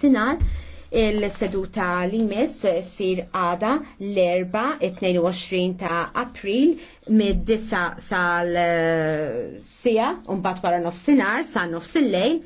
sinar Il-seduta li mis sir għada l-erba 22 ta' april mid-9 sal-sija eh, un bat wara sinar sa' nofsil lejn